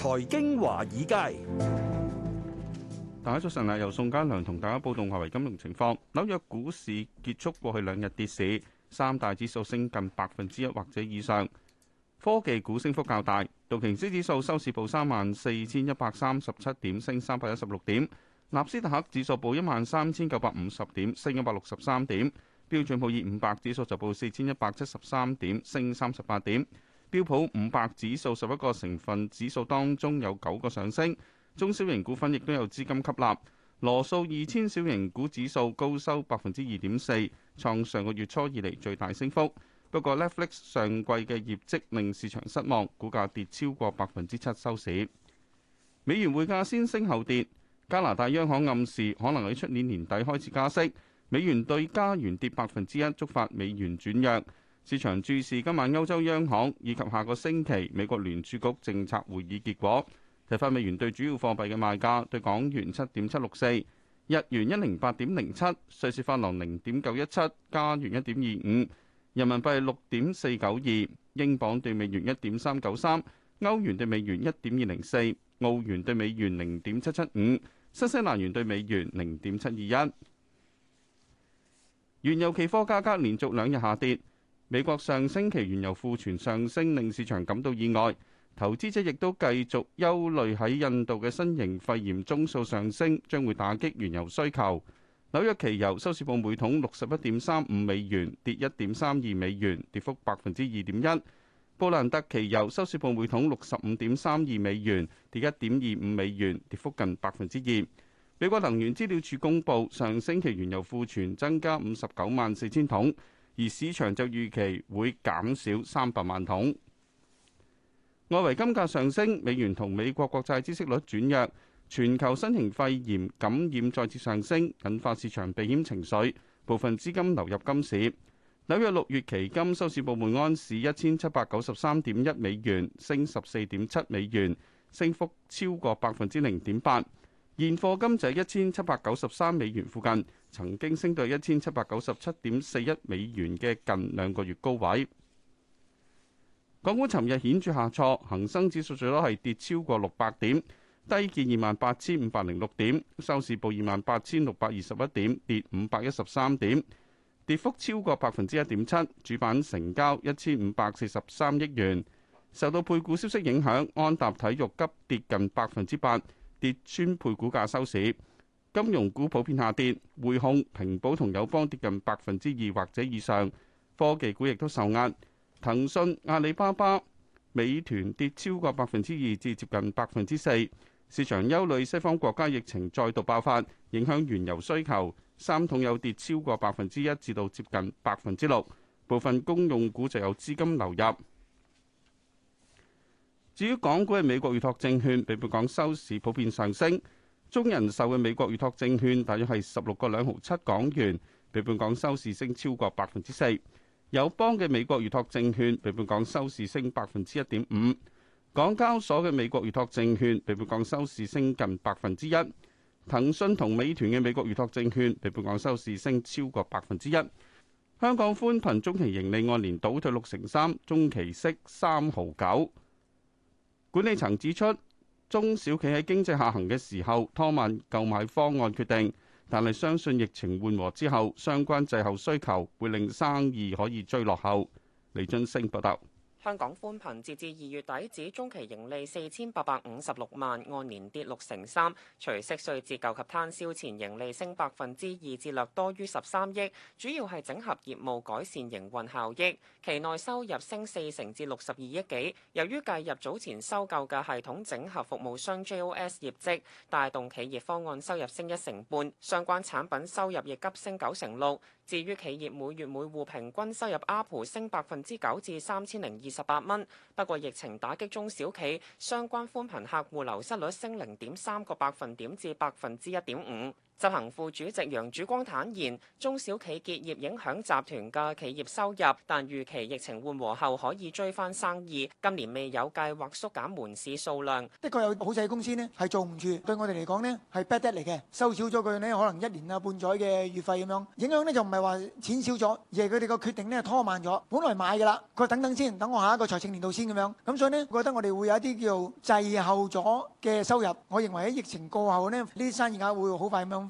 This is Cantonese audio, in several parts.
財經華爾街，大家早晨啊！由宋嘉良同大家報道華為金融情況。紐約股市結束過去兩日跌市，三大指數升近百分之一或者以上。科技股升幅較大，道瓊斯指數收市報三萬四千一百三十七點，升三百一十六點；納斯達克指數報一萬三千九百五十點，升一百六十三點；標準普爾五百指數就報四千一百七十三點，升三十八點。標普五百指數十一個成分指數當中有九個上升，中小型股份亦都有資金吸納。羅素二千小型股指數高收百分之二點四，創上個月初以嚟最大升幅。不過 Netflix 上季嘅業績令市場失望，股價跌超過百分之七收市。美元匯價先升後跌，加拿大央行暗示可能喺出年年底開始加息，美元對加元跌百分之一，觸發美元轉弱。市場注視今晚歐洲央行以及下個星期美國聯儲局政策會議結果。睇翻美元對主要貨幣嘅賣價：對港元七點七六四，日元一零八點零七，瑞士法郎零點九一七，加元一點二五，人民幣六點四九二，英鎊兌美元一點三九三，歐元兌美元一點二零四，澳元兌美元零點七七五，新西蘭元兌美元零點七二一。原油期貨價格連續兩日下跌。美國上星期原油庫存上升，令市場感到意外。投資者亦都繼續憂慮喺印度嘅新型肺炎宗數上升，將會打擊原油需求。紐約期油收市報每桶六十一點三五美元，跌一點三二美元，跌幅百分之二點一。布蘭特期油收市報每桶六十五點三二美元，跌一點二五美元，跌幅近百分之二。美國能源資料處公布，上星期原油庫存增加五十九萬四千桶。而市場就預期會減少三百萬桶。外圍金價上升，美元同美國國債孳息率轉弱，全球新型肺炎感染再次上升，引發市場避險情緒，部分資金流入金市。紐約六月期金收市報每安士一千七百九十三點一美元，升十四點七美元，升幅超過百分之零點八。現貨金就喺一千七百九十三美元附近，曾經升到一千七百九十七點四一美元嘅近兩個月高位。港股尋日顯著下挫，恒生指數最多係跌超過六百點，低見二萬八千五百零六點，收市報二萬八千六百二十一點，跌五百一十三點，跌幅超過百分之一點七。主板成交一千五百四十三億元，受到配股消息影響，安踏體育急跌近百分之八。跌穿配股價收市，金融股普遍下跌，匯控、平保同友邦跌近百分之二或者以上，科技股亦都受壓，騰訊、阿里巴巴、美團跌超過百分之二至接近百分之四。市場憂慮西方國家疫情再度爆發，影響原油需求，三桶油跌超過百分之一至到接近百分之六，部分公用股就有資金流入。至於港股嘅美國預託證券，被本港收市普遍上升。中人壽嘅美，美國預託證券，大約係十六個兩毫七港元，被本港收市升超過百分之四。友邦嘅美國預託證券，被本港收市升百分之一點五。港交所嘅美國預託證券，被本港收市升近百分之一。騰訊同美團嘅美國預託證券，被本港收市升超過百分之一。香港寬頻中期盈利按年倒退六成三，中期息三毫九。管理層指出，中小企喺經濟下行嘅時候拖慢購買方案決定，但係相信疫情緩和之後，相關滯後需求會令生意可以追落後。李俊升報道。香港寬頻截至二月底止中期盈利四千八百五十六萬，按年跌六成三。除息稅折舊及攤銷前盈利升百分之二，至略多於十三億，主要係整合業務改善營運效益。期內收入升四成至六十二億幾，由於計入早前收購嘅系統整合服務商 JOS 業績，帶動企業方案收入升一成半，相關產品收入亦急升九成六。至於企業每月每戶平均收入 ARPU 升百分之九至三千零二十八蚊，不過疫情打擊中小企，相關寬頻客戶流失率升零點三個百分點至百分之一點五。執行副主席楊主光坦言，中小企結業影響集團嘅企業收入，但預期疫情緩和後可以追翻生意。今年未有計劃縮減門市數量。的確有好細公司呢係做唔住，對我哋嚟講呢，係 bad debt 嚟嘅，收少咗佢呢可能一年啊半載嘅月費咁樣。影響呢就唔係話錢少咗，而係佢哋個決定呢拖慢咗。本來買嘅啦，佢話等等先，等我下一個財政年度先咁樣。咁所以呢，我覺得我哋會有啲叫做滯後咗嘅收入。我認為喺疫情過後呢，呢啲生意額會好快咁樣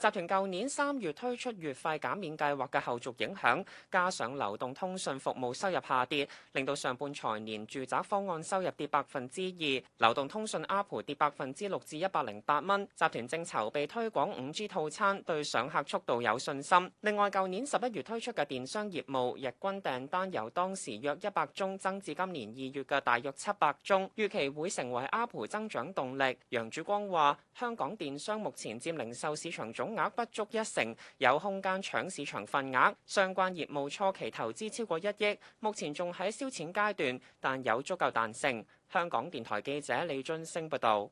集團舊年三月推出月費減免計劃嘅後續影響，加上流動通訊服務收入下跌，令到上半財年住宅方案收入跌百分之二，流動通訊阿蒲跌百分之六至一百零八蚊。集團正籌備推廣五 G 套餐，對上客速度有信心。另外，舊年十一月推出嘅電商業務日均訂單由當時約一百宗增至今年二月嘅大約七百宗，預期會成為阿蒲增長動力。楊主光話：香港電商目前佔零售市場總。額不足一成，有空間搶市場份額。相關業務初期投資超過一億，目前仲喺燒錢階段，但有足夠彈性。香港電台記者李津升報道。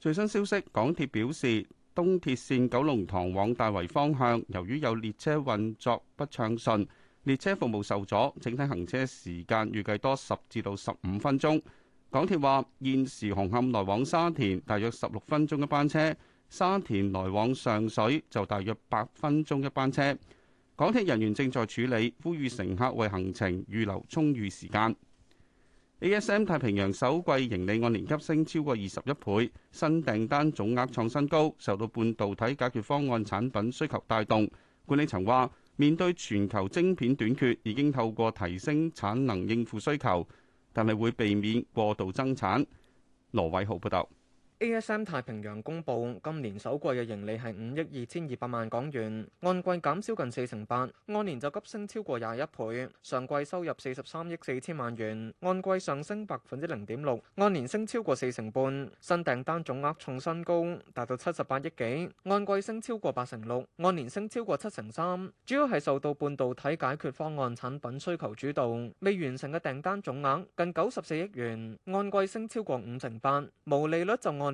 最新消息，港鐵表示，東鐵線九龍塘往大圍方向，由於有列車運作不暢順，列車服務受阻，整體行車時間預計多十至到十五分鐘。港鐵話，現時紅磡來往沙田大約十六分鐘嘅班車。沙田來往上水就大約八分鐘一班車，港鐵人員正在處理，呼籲乘客為行程預留充裕時間。ASM 太平洋首季盈利按年急升超過二十一倍，新訂單總額創新高，受到半導體解決方案產品需求帶動。管理層話，面對全球晶片短缺，已經透過提升產能應付需求，但係會避免過度增產。羅偉豪報導。ASM 太平洋公布今年首季嘅盈利係五億二千二百萬港元，按季減少近四成八，按年就急升超過廿一倍。上季收入四十三億四千萬元，按季上升百分之零點六，按年升超過四成半。新訂單總額創新高，達到七十八億幾，按季升超過八成六，按年升超過七成三。主要係受到半導體解決方案產品需求主導。未完成嘅訂單總額近九十四億元，按季升超過五成八，毛利率就按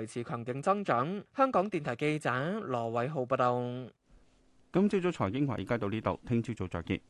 維持強勁增長。香港電台記者羅偉浩報道。今朝早財經華爾街到呢度，聽朝早再見。